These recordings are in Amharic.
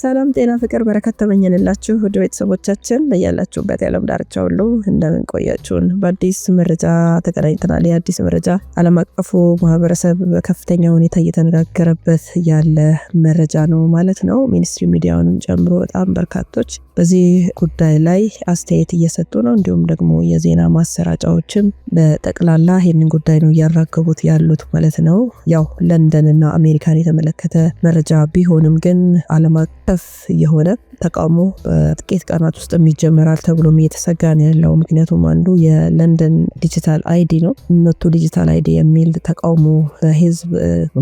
ሰላም ጤና ፍቅር በረከት ተመኘንላችሁ ውድ ቤተሰቦቻችን በያላችሁበት የዓለም ዳርቻ ሁሉ እንደምን ቆያችሁን። በአዲስ መረጃ ተገናኝተናል። የአዲስ መረጃ ዓለም አቀፉ ማህበረሰብ በከፍተኛ ሁኔታ እየተነጋገረበት ያለ መረጃ ነው ማለት ነው። ሚኒስትሪ ሚዲያውንም ጨምሮ በጣም በርካቶች በዚህ ጉዳይ ላይ አስተያየት እየሰጡ ነው። እንዲሁም ደግሞ የዜና ማሰራጫዎችም በጠቅላላ ይህንን ጉዳይ ነው እያራገቡት ያሉት ማለት ነው። ያው እና አሜሪካን የተመለከተ መረጃ ቢሆንም ግን ዓለም ከፍ የሆነ ተቃውሞ በጥቂት ቀናት ውስጥ ይጀመራል ተብሎ የተሰጋ ያለው። ምክንያቱም አንዱ የለንደን ዲጂታል አይዲ ነው። እነቱ ዲጂታል አይዲ የሚል ተቃውሞ በህዝብ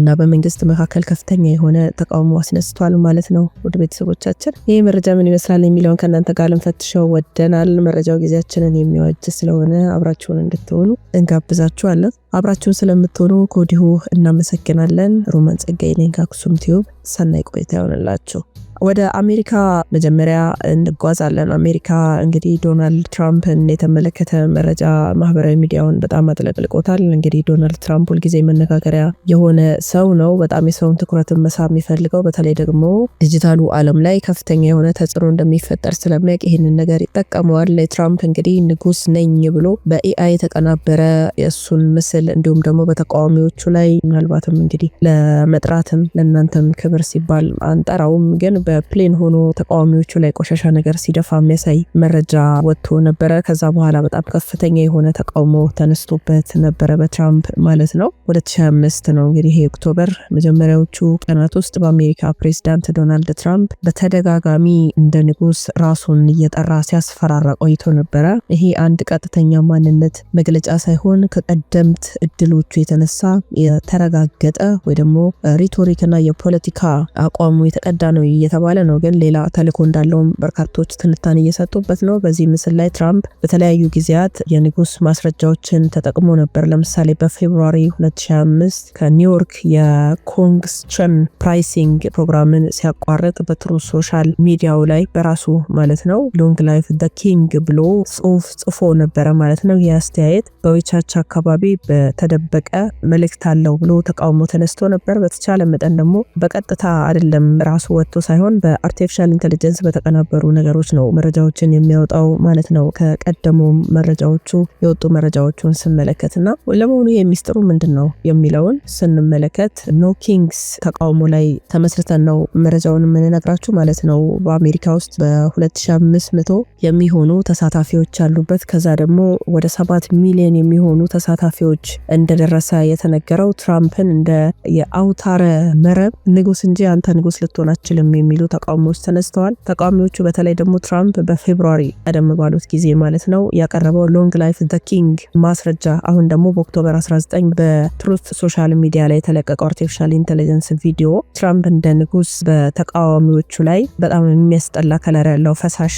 እና በመንግስት መካከል ከፍተኛ የሆነ ተቃውሞ አስነስቷል ማለት ነው። ውድ ቤተሰቦቻችን ይህ መረጃ ምን ይመስላል የሚለውን ከእናንተ ጋር ልንፈትሸው ወደናል። መረጃው ጊዜያችንን የሚወጅ ስለሆነ አብራችሁን እንድትሆኑ እንጋብዛችኋለን። አብራችሁን ስለምትሆኑ ከወዲሁ እናመሰግናለን። ሮማን ጸጋዬ ነኝ ከአክሱም ቲዩብ። ሰናይ ቆይታ ይሆንላችሁ። ወደ አሜሪካ መጀመሪያ እንጓዛለን። አሜሪካ እንግዲህ ዶናልድ ትራምፕን የተመለከተ መረጃ ማህበራዊ ሚዲያውን በጣም አጥለቅልቆታል። እንግዲህ ዶናልድ ትራምፕ ሁልጊዜ መነጋገሪያ የሆነ ሰው ነው። በጣም የሰውን ትኩረትን መሳብ የሚፈልገው በተለይ ደግሞ ዲጂታሉ ዓለም ላይ ከፍተኛ የሆነ ተጽዕኖ እንደሚፈጠር ስለሚያውቅ ይህንን ነገር ይጠቀመዋል። ትራምፕ እንግዲህ ንጉስ ነኝ ብሎ በኤአይ የተቀናበረ የእሱን ምስል እንዲሁም ደግሞ በተቃዋሚዎቹ ላይ ምናልባትም እንግዲህ ለመጥራትም ለእናንተም ክብር ሲባል አንጠራውም ግን በፕሌን ሆኖ ተቃዋሚዎቹ ላይ ቆሻሻ ነገር ሲደፋ የሚያሳይ መረጃ ወጥቶ ነበረ። ከዛ በኋላ በጣም ከፍተኛ የሆነ ተቃውሞ ተነስቶበት ነበረ በትራምፕ ማለት ነው። 2025 ነው እንግዲህ ይሄ ኦክቶበር መጀመሪያዎቹ ቀናት ውስጥ በአሜሪካ ፕሬዚዳንት ዶናልድ ትራምፕ በተደጋጋሚ እንደ ንጉስ ራሱን እየጠራ ሲያስፈራራ ቆይቶ ነበረ። ይሄ አንድ ቀጥተኛ ማንነት መግለጫ ሳይሆን ከቀደምት እድሎቹ የተነሳ የተረጋገጠ ወይ ደግሞ ሪቶሪክና የፖለቲካ አቋሙ የተቀዳ ነው እየተባለ ነው። ግን ሌላ ተልዕኮ እንዳለውም በርካቶች ትንታኔ እየሰጡበት ነው። በዚህ ምስል ላይ ትራምፕ በተለያዩ ጊዜያት የንጉስ ማስረጃዎችን ተጠቅሞ ነበር። ለምሳሌ በፌብሩዋሪ 2025 ከኒውዮርክ የኮንግስትረም ፕራይሲንግ ፕሮግራምን ሲያቋርጥ በትሩ ሶሻል ሚዲያው ላይ በራሱ ማለት ነው ሎንግ ላይፍ ደ ኪንግ ብሎ ጽሁፍ ጽፎ ነበረ ማለት ነው። ይህ አስተያየት በዊቻቻ አካባቢ በተደበቀ መልእክት አለው ብሎ ተቃውሞ ተነስቶ ነበር። በተቻለ መጠን ደግሞ በቀጥታ አይደለም ራሱ ወጥቶ ሳይሆን ሳይሆን በአርቲፊሻል ኢንቴሊጀንስ በተቀናበሩ ነገሮች ነው መረጃዎችን የሚያወጣው ማለት ነው። ከቀደሙ መረጃዎቹ የወጡ መረጃዎቹን ስመለከት እና ለመሆኑ የሚስጥሩ ምንድን ነው የሚለውን ስንመለከት ኖ ኪንግስ ተቃውሞ ላይ ተመስርተን ነው መረጃውን የምንነግራችሁ ማለት ነው። በአሜሪካ ውስጥ በ2500 የሚሆኑ ተሳታፊዎች አሉበት ከዛ ደግሞ ወደ 7 ሚሊዮን የሚሆኑ ተሳታፊዎች እንደደረሰ የተነገረው ትራምፕን እንደ የአውታረ መረብ ንጉስ እንጂ አንተ ንጉስ ልትሆን አችልም የሚሉ ተቃውሞዎች ተነስተዋል። ተቃዋሚዎቹ በተለይ ደግሞ ትራምፕ በፌብሩዋሪ ቀደም ባሉት ጊዜ ማለት ነው ያቀረበው ሎንግ ላይፍ ዘ ኪንግ ማስረጃ አሁን ደግሞ በኦክቶበር 19 በትሩት ሶሻል ሚዲያ ላይ የተለቀቀው አርቲፊሻል ኢንቴሊጀንስ ቪዲዮ ትራምፕ እንደ ንጉስ በተቃዋሚዎቹ ላይ በጣም የሚያስጠላ ከለር ያለው ፈሳሽ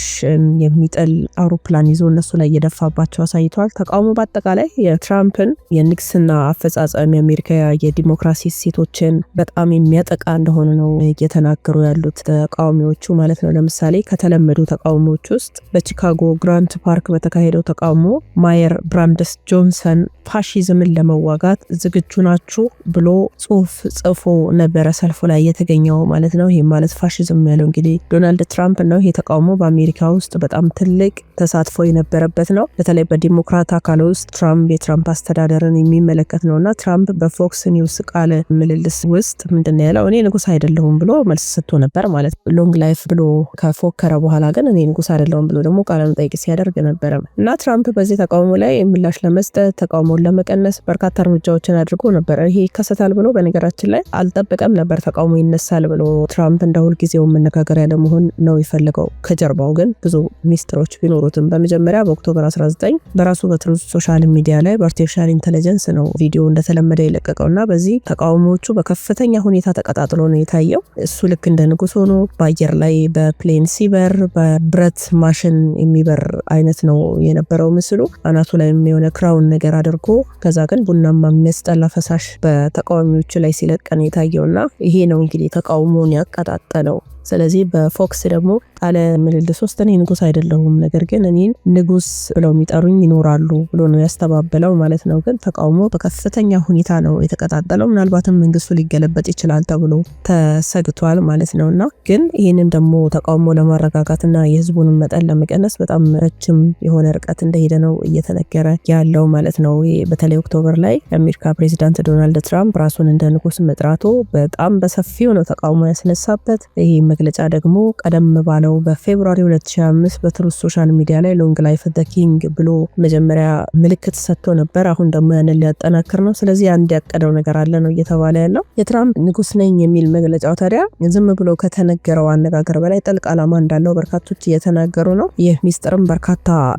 የሚጥል አውሮፕላን ይዞ እነሱ ላይ እየደፋባቸው አሳይተዋል። ተቃውሞ በአጠቃላይ የትራምፕን የንግስና አፈጻጸም የአሜሪካ የዲሞክራሲ እሴቶችን በጣም የሚያጠቃ እንደሆነ ነው እየተናገሩ ያሉት። ተቃዋሚዎቹ ማለት ነው። ለምሳሌ ከተለመዱ ተቃውሞዎች ውስጥ በቺካጎ ግራንት ፓርክ በተካሄደው ተቃውሞ ማየር ብራምደስ ጆንሰን ፋሺዝምን ለመዋጋት ዝግጁ ናችሁ ብሎ ጽሁፍ ጽፎ ነበረ ሰልፉ ላይ የተገኘው ማለት ነው። ይህም ማለት ፋሺዝም ያለው እንግዲህ ዶናልድ ትራምፕ ነው። ይሄ ተቃውሞ በአሜሪካ ውስጥ በጣም ትልቅ ተሳትፎ የነበረበት ነው። በተለይ በዲሞክራት አካል ውስጥ ትራምፕ የትራምፕ አስተዳደርን የሚመለከት እና ትራምፕ በፎክስ ኒውስ ቃለ ምልልስ ውስጥ ምንድን ያለው እኔ ንጉስ አይደለሁም ብሎ መልስ ሰጥቶ ነበር ማለት ማለት ሎንግ ላይፍ ብሎ ከፎከረ በኋላ ግን እኔ ንጉስ አይደለውም ብሎ ደግሞ ቃለ መጠይቅ ሲያደርግ ነበረ እና ትራምፕ በዚህ ተቃውሞ ላይ ምላሽ ለመስጠት ተቃውሞውን ለመቀነስ በርካታ እርምጃዎችን አድርጎ ነበረ። ይሄ ይከሰታል ብሎ በነገራችን ላይ አልጠበቀም ነበር። ተቃውሞ ይነሳል ብሎ ትራምፕ እንደ ሁልጊዜው መነጋገሪያ ለመሆን ነው የፈለገው። ከጀርባው ግን ብዙ ሚስጥሮች ቢኖሩትም በመጀመሪያ በኦክቶበር 19 በራሱ በትሩዝ ሶሻል ሚዲያ ላይ በአርቲፊሻል ኢንቴሊጀንስ ነው ቪዲዮ እንደተለመደ የለቀቀው እና በዚህ ተቃውሞዎቹ በከፍተኛ ሁኔታ ተቀጣጥሎ ነው የታየው። እሱ ልክ እንደ ንጉሱ ሆኖ በአየር ላይ በፕሌን ሲበር በብረት ማሽን የሚበር አይነት ነው የነበረው ምስሉ። አናቱ ላይም የሆነ ክራውን ነገር አድርጎ ከዛ ግን ቡናማ የሚያስጠላ ፈሳሽ በተቃዋሚዎቹ ላይ ሲለቀን የታየውና ይሄ ነው እንግዲህ ተቃውሞውን ያቀጣጠለው። ስለዚህ በፎክስ ደግሞ ቃለ ምልልስ ውስጥ እኔ ንጉስ አይደለሁም፣ ነገር ግን እኔን ንጉስ ብለው የሚጠሩኝ ይኖራሉ ብሎ ነው ያስተባበለው ማለት ነው። ግን ተቃውሞ በከፍተኛ ሁኔታ ነው የተቀጣጠለው። ምናልባትም መንግስቱ ሊገለበጥ ይችላል ተብሎ ተሰግቷል ማለት ነው እና ግን ይህንን ደግሞ ተቃውሞ ለማረጋጋትና የህዝቡን መጠን ለመቀነስ በጣም ረጅም የሆነ ርቀት እንደሄደ ነው እየተነገረ ያለው ማለት ነው። በተለይ ኦክቶበር ላይ የአሜሪካ ፕሬዚዳንት ዶናልድ ትራምፕ ራሱን እንደ ንጉስ መጥራቱ በጣም በሰፊው ነው ተቃውሞ ያስነሳበት ይሄ መግለጫ ደግሞ ቀደም ባለው በፌብሩዋሪ 2025 በትሩስ ሶሻል ሚዲያ ላይ ሎንግ ላይፍ ደ ኪንግ ብሎ መጀመሪያ ምልክት ሰጥቶ ነበር። አሁን ደግሞ ያንን ሊያጠናክር ነው። ስለዚህ አንድ ያቀደው ነገር አለ ነው እየተባለ ያለው። የትራምፕ ንጉስ ነኝ የሚል መግለጫው ታዲያ ዝም ብሎ ከተነገረው አነጋገር በላይ ጥልቅ ዓላማ እንዳለው በርካቶች እየተናገሩ ነው። ይህ ሚስጥርም በርካታ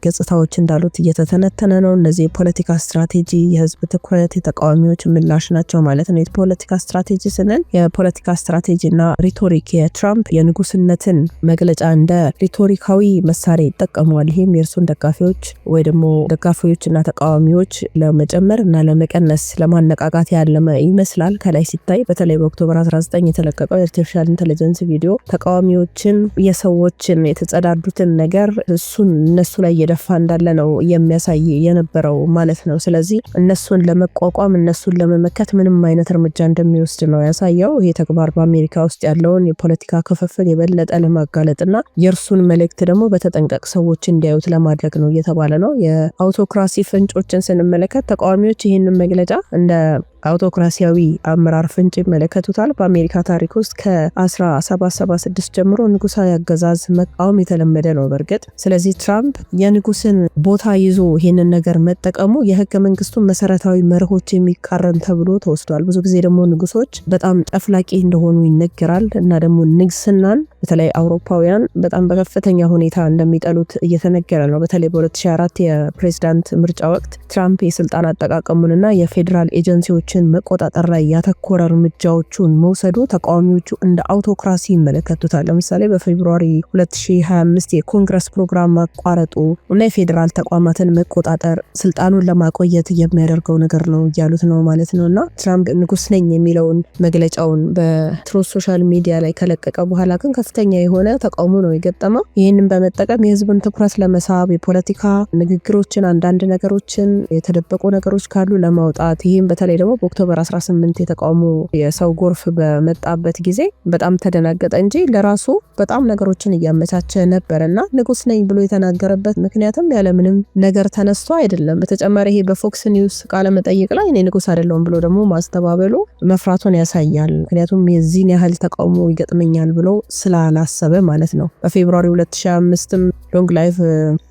ገጽታዎች እንዳሉት እየተተነተነ ነው። እነዚህ የፖለቲካ ስትራቴጂ፣ የህዝብ ትኩረት፣ የተቃዋሚዎች ምላሽ ናቸው ማለት ነው። የፖለቲካ ስትራቴጂ ስንል የፖለቲካ ስትራቴጂና ሪቶሪክ የትራምፕ የንጉስነትን መግለጫ እንደ ሪቶሪካዊ መሳሪያ ይጠቀመዋል። ይህም የእርሱን ደጋፊዎች ወይ ደግሞ ደጋፊዎች እና ተቃዋሚዎች ለመጨመር እና ለመቀነስ ለማነቃቃት ያለመ ይመስላል ከላይ ሲታይ። በተለይ በኦክቶበር 19 የተለቀቀው የአርቲፊሻል ኢንቴሊጀንስ ቪዲዮ ተቃዋሚዎችን የሰዎችን የተጸዳዱትን ነገር እሱን እነሱ ላይ እየደፋ እንዳለ ነው የሚያሳይ የነበረው ማለት ነው። ስለዚህ እነሱን ለመቋቋም እነሱን ለመመከት ምንም አይነት እርምጃ እንደሚወስድ ነው ያሳየው። ይህ ተግባር በአሜሪካ ውስጥ ያለውን የፖለቲካ ክፍፍል የበለጠ ለማጋለጥና የእርሱን መልእክት ደግሞ በተጠንቀቅ ሰዎች እንዲያዩት ለማድረግ ነው እየተባለ ነው። የአውቶክራሲ ፍንጮችን ስንመለከት ተቃዋሚዎች ይህንን መግለጫ እንደ አውቶክራሲያዊ አመራር ፍንጭ ይመለከቱታል። በአሜሪካ ታሪክ ውስጥ ከ1776 ጀምሮ ንጉሳዊ አገዛዝ መቃወም የተለመደ ነው። በእርግጥ ስለዚህ ትራምፕ የንጉስን ቦታ ይዞ ይህንን ነገር መጠቀሙ የህገ መንግስቱን መሰረታዊ መርሆች የሚቃረን ተብሎ ተወስዷል። ብዙ ጊዜ ደግሞ ንጉሶች በጣም ጠፍላቂ እንደሆኑ ይነገራል እና ደግሞ ንግስናን በተለይ አውሮፓውያን በጣም በከፍተኛ ሁኔታ እንደሚጠሉት እየተነገረ ነው። በተለይ በ 204 የፕሬዚዳንት ምርጫ ወቅት ትራምፕ የስልጣን አጠቃቀሙንና የፌዴራል ኤጀንሲዎችን መቆጣጠር ላይ ያተኮረ እርምጃዎቹን መውሰዱ ተቃዋሚዎቹ እንደ አውቶክራሲ ይመለከቱታል። ለምሳሌ በፌብሩዋሪ 2025 የኮንግረስ ፕሮግራም ማቋረጡ እና የፌዴራል ተቋማትን መቆጣጠር ስልጣኑን ለማቆየት የሚያደርገው ነገር ነው እያሉት ነው ማለት ነው እና ትራምፕ ንጉስ ነኝ የሚለውን መግለጫውን በትሮ ሶሻል ሚዲያ ላይ ከለቀቀ በኋላ ግን ከፍተኛ የሆነ ተቃውሞ ነው የገጠመው። ይህንን በመጠቀም የህዝብን ትኩረት ለመሳብ የፖለቲካ ንግግሮችን፣ አንዳንድ ነገሮችን፣ የተደበቁ ነገሮች ካሉ ለማውጣት ይህም በተለይ ደግሞ በኦክቶበር 18 የተቃውሞ የሰው ጎርፍ በመጣበት ጊዜ በጣም ተደናገጠ እንጂ ለራሱ በጣም ነገሮችን እያመቻቸ ነበር እና ንጉስ ነኝ ብሎ የተናገረበት ምክንያትም ያለምንም ነገር ተነስቶ አይደለም። በተጨማሪ ይሄ በፎክስ ኒውስ ቃለመጠይቅ ላይ እኔ ንጉስ አይደለውም ብሎ ደግሞ ማስተባበሉ መፍራቱን ያሳያል። ምክንያቱም የዚህን ያህል ተቃውሞ ይገጥመኛል ብሎ ስላ ስላላሰበ ማለት ነው። በፌብሯሪ 2005 ሎንግ ላይፍ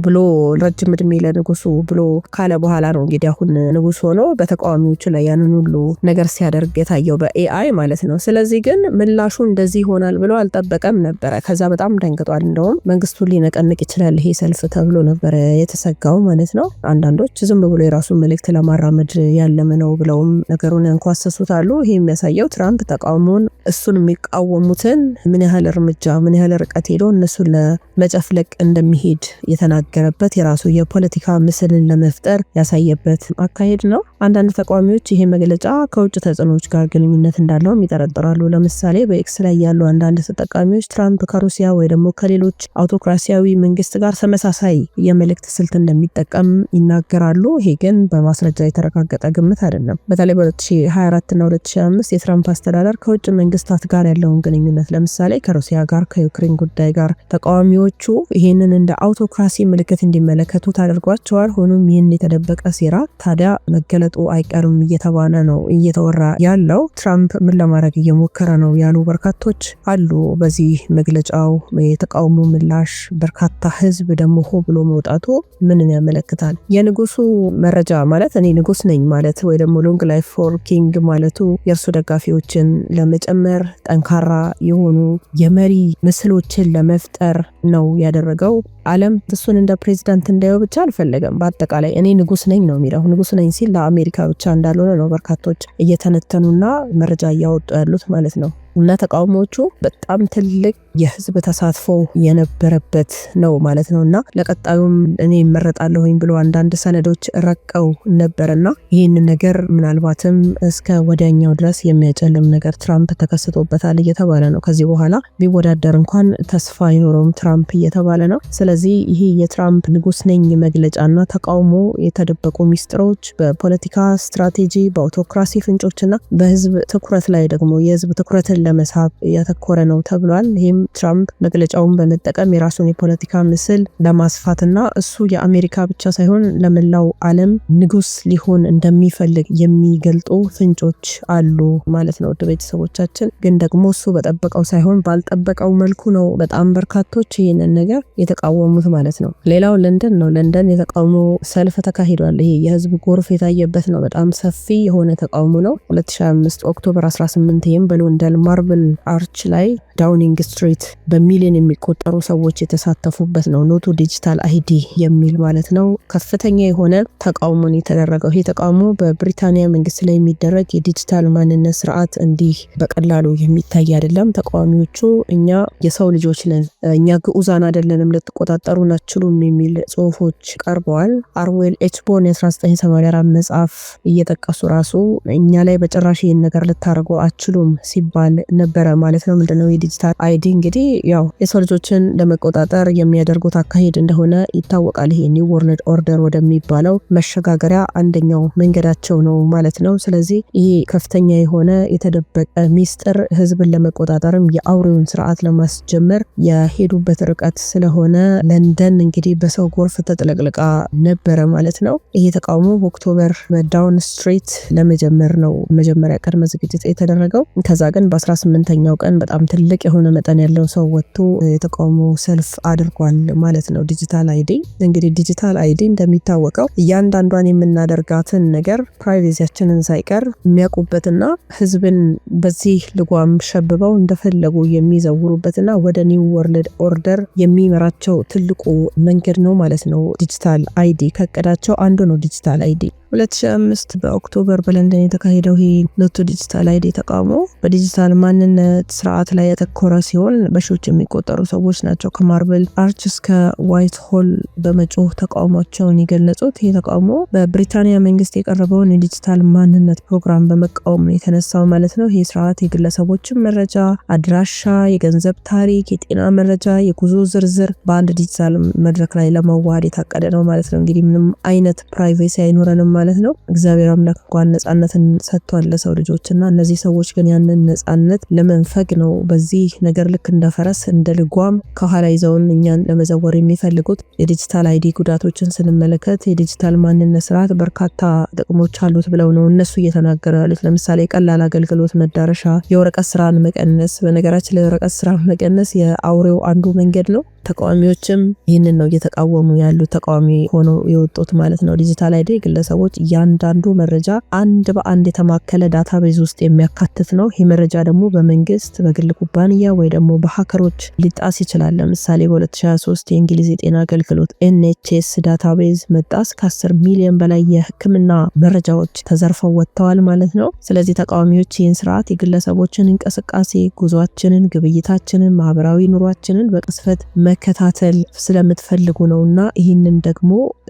ብሎ ረጅም እድሜ ለንጉሱ ብሎ ካለ በኋላ ነው እንግዲህ አሁን ንጉስ ሆኖ በተቃዋሚዎቹ ላይ ያንን ሁሉ ነገር ሲያደርግ የታየው በኤአይ ማለት ነው። ስለዚህ ግን ምላሹ እንደዚህ ይሆናል ብሎ አልጠበቀም ነበረ። ከዛ በጣም ደንግጧል። እንደውም መንግስቱን ሊነቀንቅ ይችላል ይሄ ሰልፍ ተብሎ ነበረ የተሰጋው ማለት ነው። አንዳንዶች ዝም ብሎ የራሱን መልእክት ለማራመድ ያለም ነው ብለውም ነገሩን ያንኳሰሱታሉ። ይሄ የሚያሳየው ትራምፕ ተቃውሞውን እሱን የሚቃወሙትን ምን ያህል እርምጃ እርምጃ ምን ያህል ርቀት ሄዶ እነሱን ለመጨፍለቅ እንደሚሄድ የተናገረበት የራሱ የፖለቲካ ምስልን ለመፍጠር ያሳየበት አካሄድ ነው። አንዳንድ ተቃዋሚዎች ይሄ መግለጫ ከውጭ ተጽዕኖዎች ጋር ግንኙነት እንዳለውም ይጠረጥራሉ። ለምሳሌ በኤክስ ላይ ያሉ አንዳንድ ተጠቃሚዎች ትራምፕ ከሩሲያ ወይ ደግሞ ከሌሎች አውቶክራሲያዊ መንግስት ጋር ተመሳሳይ የመልእክት ስልት እንደሚጠቀም ይናገራሉ። ይሄ ግን በማስረጃ የተረጋገጠ ግምት አይደለም። በተለይ በ2024 እና 2025 የትራምፕ አስተዳደር ከውጭ መንግስታት ጋር ያለውን ግንኙነት ለምሳሌ ከሩሲያ ጋር፣ ከዩክሬን ጉዳይ ጋር ተቃዋሚዎቹ ይህንን እንደ አውቶክራሲ ምልክት እንዲመለከቱ ታደርጓቸዋል። ሆኖም ይህን የተደበቀ ሴራ ታዲያ መገለ መመረጡ አይቀርም እየተባለ ነው እየተወራ ያለው። ትራምፕ ምን ለማድረግ እየሞከረ ነው ያሉ በርካቶች አሉ። በዚህ መግለጫው የተቃውሞ ምላሽ በርካታ ህዝብ ደግሞ ሆ ብሎ መውጣቱ ምንን ያመለክታል? የንጉሱ መረጃ ማለት እኔ ንጉስ ነኝ ማለት ወይ ደግሞ ሎንግ ላይፍ ፎር ኪንግ ማለቱ የእርሱ ደጋፊዎችን ለመጨመር ጠንካራ የሆኑ የመሪ ምስሎችን ለመፍጠር ነው ያደረገው ዓለም እሱን እንደ ፕሬዚዳንት እንዳየው ብቻ አልፈለገም። በአጠቃላይ እኔ ንጉስ ነኝ ነው የሚለው። ንጉስ ነኝ ሲል ለአሜሪካ ብቻ እንዳልሆነ ነው በርካቶች እየተነተኑና መረጃ እያወጡ ያሉት ማለት ነው። እና ተቃውሞዎቹ በጣም ትልቅ የህዝብ ተሳትፎ የነበረበት ነው ማለት ነው እና ለቀጣዩም እኔ ይመረጣለሁኝ ብሎ አንዳንድ ሰነዶች ረቀው ነበርና ይህን ነገር ምናልባትም እስከ ወዲያኛው ድረስ የሚያጨልም ነገር ትራምፕ ተከስቶበታል እየተባለ ነው። ከዚህ በኋላ ቢወዳደር እንኳን ተስፋ አይኖረውም ትራምፕ እየተባለ ነው። ስለዚህ ይህ የትራምፕ ንጉስ ነኝ መግለጫና ተቃውሞ የተደበቁ ሚስጥሮች በፖለቲካ ስትራቴጂ፣ በአውቶክራሲ ፍንጮችና በህዝብ ትኩረት ላይ ደግሞ የህዝብ ትኩረትን ለመሳብ እያተኮረ ነው ተብሏል። ይህም ትራምፕ መግለጫውን በመጠቀም የራሱን የፖለቲካ ምስል ለማስፋትና እሱ የአሜሪካ ብቻ ሳይሆን ለመላው ዓለም ንጉስ ሊሆን እንደሚፈልግ የሚገልጡ ፍንጮች አሉ ማለት ነው። ውድ ቤተሰቦቻችን ግን ደግሞ እሱ በጠበቀው ሳይሆን ባልጠበቀው መልኩ ነው በጣም በርካቶች ይህንን ነገር የተቃወሙት ማለት ነው። ሌላው ለንደን ነው። ለንደን የተቃውሞ ሰልፍ ተካሂዷል። ይሄ የህዝብ ጎርፍ የታየበት ነው። በጣም ሰፊ የሆነ ተቃውሞ ነው። 2025 ኦክቶበር 18 ይህም በሎንደን ማርብል አርች ላይ ዳውኒንግ ስትሪት በሚሊዮን የሚቆጠሩ ሰዎች የተሳተፉበት ነው። ኖቱ ዲጂታል አይዲ የሚል ማለት ነው። ከፍተኛ የሆነ ተቃውሞ ነው የተደረገው። ይሄ ተቃውሞ በብሪታንያ መንግስት ላይ የሚደረግ የዲጂታል ማንነት ስርዓት እንዲህ በቀላሉ የሚታይ አይደለም። ተቃዋሚዎቹ እኛ የሰው ልጆች ነን፣ እኛ ግዑዛን አይደለንም፣ ልትቆጣጠሩን አትችሉም የሚል ጽሁፎች ቀርበዋል። አርዌል ኤችቦን የ1984 መጽሐፍ እየጠቀሱ ራሱ እኛ ላይ በጭራሽ ይህን ነገር ልታደርጉ አችሉም ሲባል ነበረ ማለት ነው። ምንድነው የዲጂታል አይዲ? እንግዲህ ያው የሰው ልጆችን ለመቆጣጠር የሚያደርጉት አካሄድ እንደሆነ ይታወቃል። ይሄ ኒው ወርልድ ኦርደር ወደሚባለው መሸጋገሪያ አንደኛው መንገዳቸው ነው ማለት ነው። ስለዚህ ይሄ ከፍተኛ የሆነ የተደበቀ ሚስጥር ህዝብን ለመቆጣጠርም የአውሬውን ስርዓት ለማስጀመር የሄዱበት ርቀት ስለሆነ ለንደን እንግዲህ በሰው ጎርፍ ተጥለቅልቃ ነበረ ማለት ነው። ይሄ ተቃውሞ በኦክቶበር በዳውን ስትሪት ለመጀመር ነው መጀመሪያ ቅድመ ዝግጅት የተደረገው። ከዛ ግን 18 ኛው ቀን በጣም ትልቅ የሆነ መጠን ያለው ሰው ወጥቶ የተቃውሞ ሰልፍ አድርጓል ማለት ነው። ዲጂታል አይዲ እንግዲህ ዲጂታል አይዲ እንደሚታወቀው እያንዳንዷን የምናደርጋትን ነገር ፕራይቬሲያችንን ሳይቀር የሚያውቁበትና ህዝብን በዚህ ልጓም ሸብበው እንደፈለጉ የሚዘውሩበትና ወደ ኒው ወርልድ ኦርደር የሚመራቸው ትልቁ መንገድ ነው ማለት ነው። ዲጂታል አይዲ ከቀዳቸው አንዱ ነው ዲጂታል አይዲ 2005 በኦክቶበር በለንደን የተካሄደው ይህ ኖት ቱ ዲጂታል አይዲ ተቃውሞ በዲጂታል ማንነት ስርዓት ላይ ያተኮረ ሲሆን በሺዎች የሚቆጠሩ ሰዎች ናቸው ከማርበል አርች እስከ ዋይት ሆል በመጮህ ተቃውሟቸውን የገለጹት። ይህ ተቃውሞ በብሪታንያ መንግስት የቀረበውን የዲጂታል ማንነት ፕሮግራም በመቃወም የተነሳው ማለት ነው። ይህ ስርዓት የግለሰቦችን መረጃ፣ አድራሻ፣ የገንዘብ ታሪክ፣ የጤና መረጃ፣ የጉዞ ዝርዝር በአንድ ዲጂታል መድረክ ላይ ለመዋሃድ የታቀደ ነው ማለት ነው። እንግዲህ ምንም አይነት ፕራይቬሲ አይኖረንም ማለት ነው። እግዚአብሔር አምላክ እንኳን ነጻነትን ሰጥቷል ለሰው ልጆች እና እነዚህ ሰዎች ግን ያንን ነጻነት ለመንፈግ ነው በዚህ ነገር ልክ እንደ ፈረስ እንደ ልጓም ከኋላ ይዘውን እኛን ለመዘወር የሚፈልጉት። የዲጂታል አይዲ ጉዳቶችን ስንመለከት የዲጂታል ማንነት ስርዓት በርካታ ጥቅሞች አሉት ብለው ነው እነሱ እየተናገሩ ያሉት። ለምሳሌ ቀላል አገልግሎት መዳረሻ፣ የወረቀት ስራን መቀነስ። በነገራችን ላይ የወረቀት ስራ መቀነስ የአውሬው አንዱ መንገድ ነው። ተቃዋሚዎችም ይህንን ነው እየተቃወሙ ያሉት፣ ተቃዋሚ ሆነው የወጡት ማለት ነው። ዲጂታል አይዲ ግለሰቦች ሰዎች እያንዳንዱ መረጃ አንድ በአንድ የተማከለ ዳታቤዝ ውስጥ የሚያካትት ነው። ይህ መረጃ ደግሞ በመንግስት በግል ኩባንያ ወይ ደግሞ በሀከሮች ሊጣስ ይችላል። ለምሳሌ በ2023 የእንግሊዝ የጤና አገልግሎት ኤንኤችኤስ ቤዝ መጣስ ከ10 ሚሊዮን በላይ የህክምና መረጃዎች ተዘርፈው ወጥተዋል ማለት ነው። ስለዚህ ተቃዋሚዎች ይህን ስርዓት የግለሰቦችን እንቅስቃሴ፣ ጉዟችንን፣ ግብይታችንን፣ ማህበራዊ ኑሯችንን በቅስፈት መከታተል ስለምትፈልጉ ነው እና ይህንን ደግሞ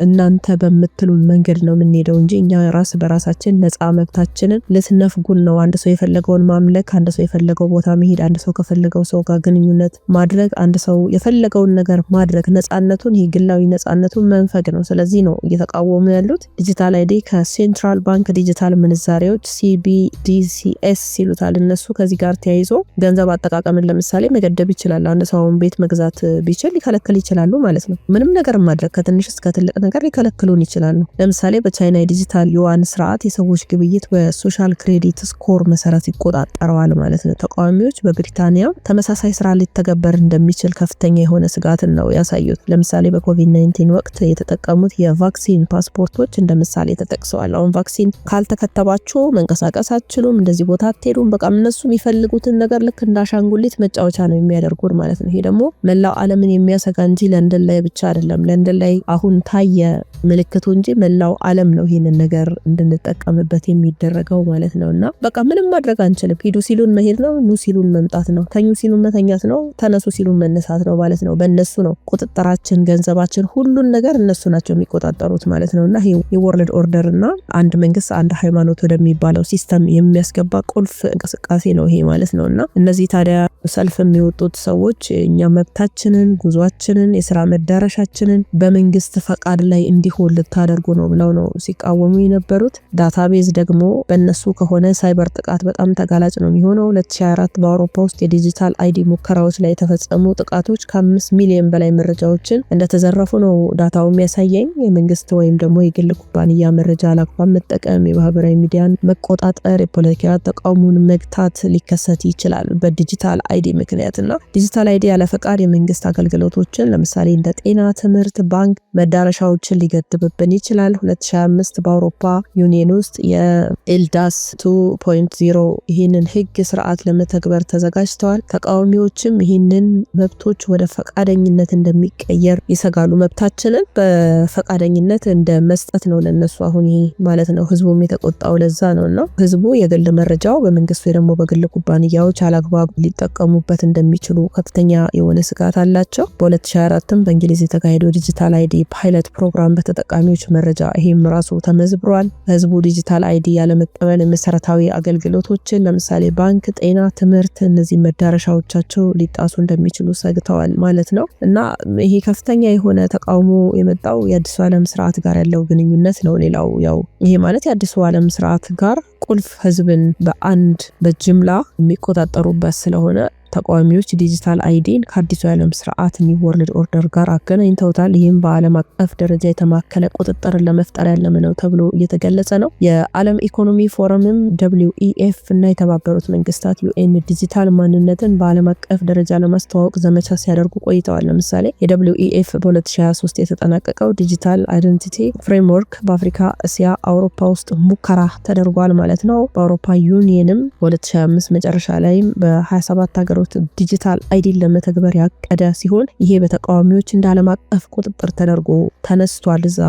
እናንተ በምትሉን መንገድ ነው የምንሄደው የምንሄደው እንጂ እኛ ራስ በራሳችን ነፃ መብታችንን ልትነፍጉን ነው። አንድ ሰው የፈለገውን ማምለክ፣ አንድ ሰው የፈለገው ቦታ መሄድ፣ አንድ ሰው ከፈለገው ሰው ጋር ግንኙነት ማድረግ፣ አንድ ሰው የፈለገውን ነገር ማድረግ ነፃነቱን፣ ይህ ግላዊ ነፃነቱን መንፈግ ነው። ስለዚህ ነው እየተቃወሙ ያሉት። ዲጂታል አይዲ ከሴንትራል ባንክ ዲጂታል ምንዛሬዎች ሲቢዲሲኤስ ይሉታል እነሱ። ከዚህ ጋር ተያይዞ ገንዘብ አጠቃቀምን ለምሳሌ መገደብ ይችላል። አንድ ሰውን ቤት መግዛት ቢችል ሊከለክል ይችላሉ ማለት ነው። ምንም ነገር ማድረግ ከትንሽ እስከ ትልቅ ነገር ሊከለክሉን ይችላሉ። ለምሳሌ በቻይና የዲጂታል ዩዋን ስርዓት የሰዎች ግብይት በሶሻል ክሬዲት ስኮር መሰረት ይቆጣጠረዋል ማለት ነው። ተቃዋሚዎች በብሪታንያ ተመሳሳይ ስራ ሊተገበር እንደሚችል ከፍተኛ የሆነ ስጋትን ነው ያሳዩት። ለምሳሌ በኮቪድ-19 ወቅት የተጠቀሙት የቫክሲን ፓስፖርቶች እንደ ምሳሌ ተጠቅሰዋል። አሁን ቫክሲን ካልተከተባችሁ መንቀሳቀስ አትችሉም፣ እንደዚህ ቦታ አትሄዱም። በቃ እነሱ የሚፈልጉትን ነገር ልክ እንደ አሻንጉሊት መጫወቻ ነው የሚያደርጉን ማለት ነው። ይሄ ደግሞ መላው ዓለምን የሚያሰጋ እንጂ ለንደን ላይ ብቻ አይደለም። ለንደን ላይ አሁን ታየ ምልክቱ እንጂ መላው ዓለም ነው ይህንን ነገር እንድንጠቀምበት የሚደረገው ማለት ነው። እና በቃ ምንም ማድረግ አንችልም። ሂዱ ሲሉን መሄድ ነው፣ ኑ ሲሉን መምጣት ነው፣ ተኙ ሲሉን መተኛት ነው፣ ተነሱ ሲሉን መነሳት ነው ማለት ነው። በእነሱ ነው ቁጥጥራችን፣ ገንዘባችን፣ ሁሉን ነገር እነሱ ናቸው የሚቆጣጠሩት ማለት ነው። እና የወርልድ ኦርደር እና አንድ መንግስት አንድ ሃይማኖት ወደሚባለው ሲስተም የሚያስገባ ቁልፍ እንቅስቃሴ ነው ይሄ ማለት ነው። እና እነዚህ ታዲያ ሰልፍ የሚወጡት ሰዎች እኛ መብታችንን፣ ጉዟችንን፣ የስራ መዳረሻችንን በመንግስት ፈቃድ ላይ እንዲ እንዲሆን ልታደርጉ ነው ብለው ነው ሲቃወሙ የነበሩት። ዳታቤዝ ደግሞ በእነሱ ከሆነ ሳይበር ጥቃት በጣም ተጋላጭ ነው የሚሆነው። 2024 በአውሮፓ ውስጥ የዲጂታል አይዲ ሙከራዎች ላይ የተፈጸሙ ጥቃቶች ከአምስት ሚሊዮን በላይ መረጃዎችን እንደተዘረፉ ነው ዳታው የሚያሳየኝ። የመንግስት ወይም ደግሞ የግል ኩባንያ መረጃ አላግባብ መጠቀም፣ የማህበራዊ ሚዲያን መቆጣጠር፣ የፖለቲካ ተቃውሞን መግታት ሊከሰት ይችላል በዲጂታል አይዲ ምክንያት እና ዲጂታል አይዲ ያለፈቃድ የመንግስት አገልግሎቶችን ለምሳሌ እንደ ጤና፣ ትምህርት፣ ባንክ መዳረሻዎችን ሊገ ሊገድብብን ይችላል። 2025 በአውሮፓ ዩኒየን ውስጥ የኤልዳስ 2.0 ይህንን ህግ ስርዓት ለመተግበር ተዘጋጅተዋል። ተቃዋሚዎችም ይህንን መብቶች ወደ ፈቃደኝነት እንደሚቀየር ይሰጋሉ። መብታችንን በፈቃደኝነት እንደ መስጠት ነው ለነሱ አሁን ይሄ ማለት ነው። ህዝቡም የተቆጣው ለዛ ነው እና ህዝቡ የግል መረጃው በመንግስት ወይ ደግሞ በግል ኩባንያዎች አላግባብ ሊጠቀሙበት እንደሚችሉ ከፍተኛ የሆነ ስጋት አላቸው። በ2024ም በእንግሊዝ የተካሄደው ዲጂታል አይዲ ፓይለት ፕሮግራም ተጠቃሚዎች መረጃ ይሄም ራሱ ተመዝብሯል። በህዝቡ ዲጂታል አይዲ ያለመቀበል መሰረታዊ አገልግሎቶችን ለምሳሌ ባንክ፣ ጤና፣ ትምህርት እነዚህ መዳረሻዎቻቸው ሊጣሱ እንደሚችሉ ሰግተዋል ማለት ነው እና ይሄ ከፍተኛ የሆነ ተቃውሞ የመጣው የአዲሱ ዓለም ስርዓት ጋር ያለው ግንኙነት ነው። ሌላው ያው ይሄ ማለት የአዲሱ ዓለም ስርዓት ጋር ቁልፍ ህዝብን በአንድ በጅምላ የሚቆጣጠሩበት ስለሆነ ተቃዋሚዎች ዲጂታል አይዲን ከአዲሱ የዓለም ስርዓት ኒው ወርልድ ኦርደር ጋር አገናኝተውታል። ይህም በዓለም አቀፍ ደረጃ የተማከለ ቁጥጥርን ለመፍጠር ያለመ ነው ተብሎ እየተገለጸ ነው። የዓለም ኢኮኖሚ ፎረምም ደብሊው ኢኤፍ እና የተባበሩት መንግስታት ዩኤን ዲጂታል ማንነትን በዓለም አቀፍ ደረጃ ለማስተዋወቅ ዘመቻ ሲያደርጉ ቆይተዋል። ለምሳሌ የደብሊው ኢኤፍ በ2023 የተጠናቀቀው ዲጂታል አይደንቲቲ ፍሬምወርክ በአፍሪካ፣ እስያ፣ አውሮፓ ውስጥ ሙከራ ተደርጓል ማለት ነው። በአውሮፓ ዩኒየንም በ2025 መጨረሻ ላይም በ27 ሀገር የነበሩት ዲጂታል አይዲን ለመተግበር ያቀደ ሲሆን ይሄ በተቃዋሚዎች እንደ ዓለም አቀፍ ቁጥጥር ተደርጎ ተነስቷል። እዛ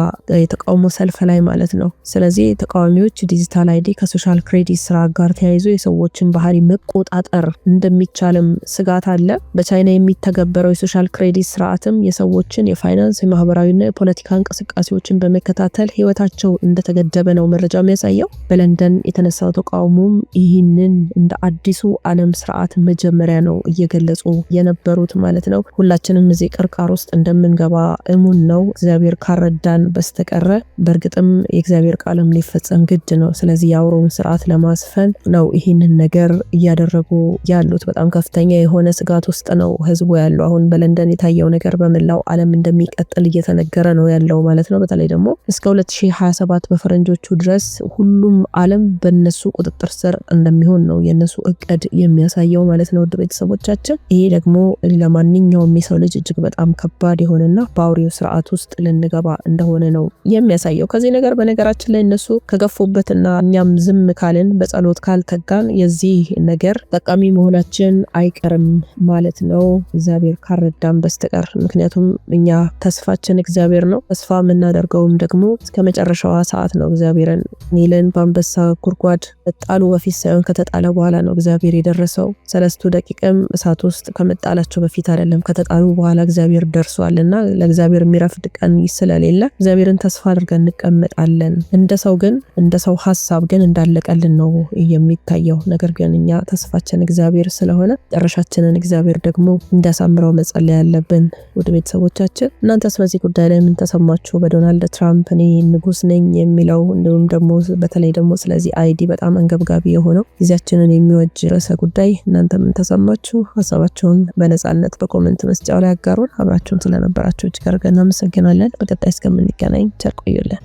የተቃውሞ ሰልፍ ላይ ማለት ነው። ስለዚህ ተቃዋሚዎች ዲጂታል አይዲ ከሶሻል ክሬዲት ስራ ጋር ተያይዞ የሰዎችን ባህሪ መቆጣጠር እንደሚቻልም ስጋት አለ። በቻይና የሚተገበረው የሶሻል ክሬዲት ስርዓትም የሰዎችን የፋይናንስ የማህበራዊና የፖለቲካ እንቅስቃሴዎችን በመከታተል ህይወታቸው እንደተገደበ ነው መረጃ የሚያሳየው። በለንደን የተነሳው ተቃውሞም ይህንን እንደ አዲሱ ዓለም ስርዓት መጀመሪያ ነው እየገለጹ የነበሩት ማለት ነው። ሁላችንም እዚህ ቅርቃር ውስጥ እንደምንገባ እሙን ነው እግዚአብሔር ካረዳን በስተቀረ። በእርግጥም የእግዚአብሔር ቃልም ሊፈጸም ግድ ነው። ስለዚህ የአውሮውን ስርዓት ለማስፈን ነው ይህንን ነገር እያደረጉ ያሉት። በጣም ከፍተኛ የሆነ ስጋት ውስጥ ነው ህዝቡ ያለው። አሁን በለንደን የታየው ነገር በመላው ዓለም እንደሚቀጥል እየተነገረ ነው ያለው ማለት ነው። በተለይ ደግሞ እስከ 2027 በፈረንጆቹ ድረስ ሁሉም ዓለም በነሱ ቁጥጥር ስር እንደሚሆን ነው የነሱ እቅድ የሚያሳየው ማለት ነው። ቤተሰቦቻችን። ይሄ ደግሞ ለማንኛውም የሰው ልጅ እጅግ በጣም ከባድ የሆነና በአውሬው ስርዓት ውስጥ ልንገባ እንደሆነ ነው የሚያሳየው። ከዚህ ነገር በነገራችን ላይ እነሱ ከገፉበትና እኛም ዝም ካልን በጸሎት ካልተጋን የዚህ ነገር ጠቃሚ መሆናችን አይቀርም ማለት ነው እግዚአብሔር ካረዳም በስተቀር። ምክንያቱም እኛ ተስፋችን እግዚአብሔር ነው። ተስፋ የምናደርገውም ደግሞ እስከ መጨረሻዋ ሰዓት ነው። እግዚአብሔርን ኒልን በአንበሳ ጉድጓድ ጣሉ በፊት ሳይሆን ከተጣለ በኋላ ነው እግዚአብሔር የደረሰው። ሰለስቱ ደቂቃ ጥቅም እሳት ውስጥ ከመጣላቸው በፊት አይደለም ከተጣሉ በኋላ እግዚአብሔር ደርሷል እና ለእግዚአብሔር የሚረፍድ ቀን ስለሌለ እግዚአብሔርን ተስፋ አድርገን እንቀመጣለን። እንደ ሰው ግን እንደ ሰው ሀሳብ ግን እንዳለቀልን ነው የሚታየው። ነገር ግን እኛ ተስፋችን እግዚአብሔር ስለሆነ መጨረሻችንን እግዚአብሔር ደግሞ እንዲያሳምረው መጸለይ ያለብን። ውድ ቤተሰቦቻችን እናንተስ በዚህ ጉዳይ ላይ ምን ተሰማችሁ? በዶናልድ ትራምፕ እኔ ንጉስ ነኝ የሚለው እንዲሁም ደግሞ በተለይ ደግሞ ስለዚህ አይዲ በጣም አንገብጋቢ የሆነው ጊዜያችንን የሚወጅ ርዕሰ ጉዳይ እናንተ ምን ተሰማ ከተሰማችሁ ሀሳባችሁን በነጻነት በኮመንት መስጫው ላይ አጋሩን። አብራችሁን ስለነበራችሁ እጅግ አድርገን እናመሰግናለን። በቀጣይ እስከምንገናኝ ቸር ቆዩልን።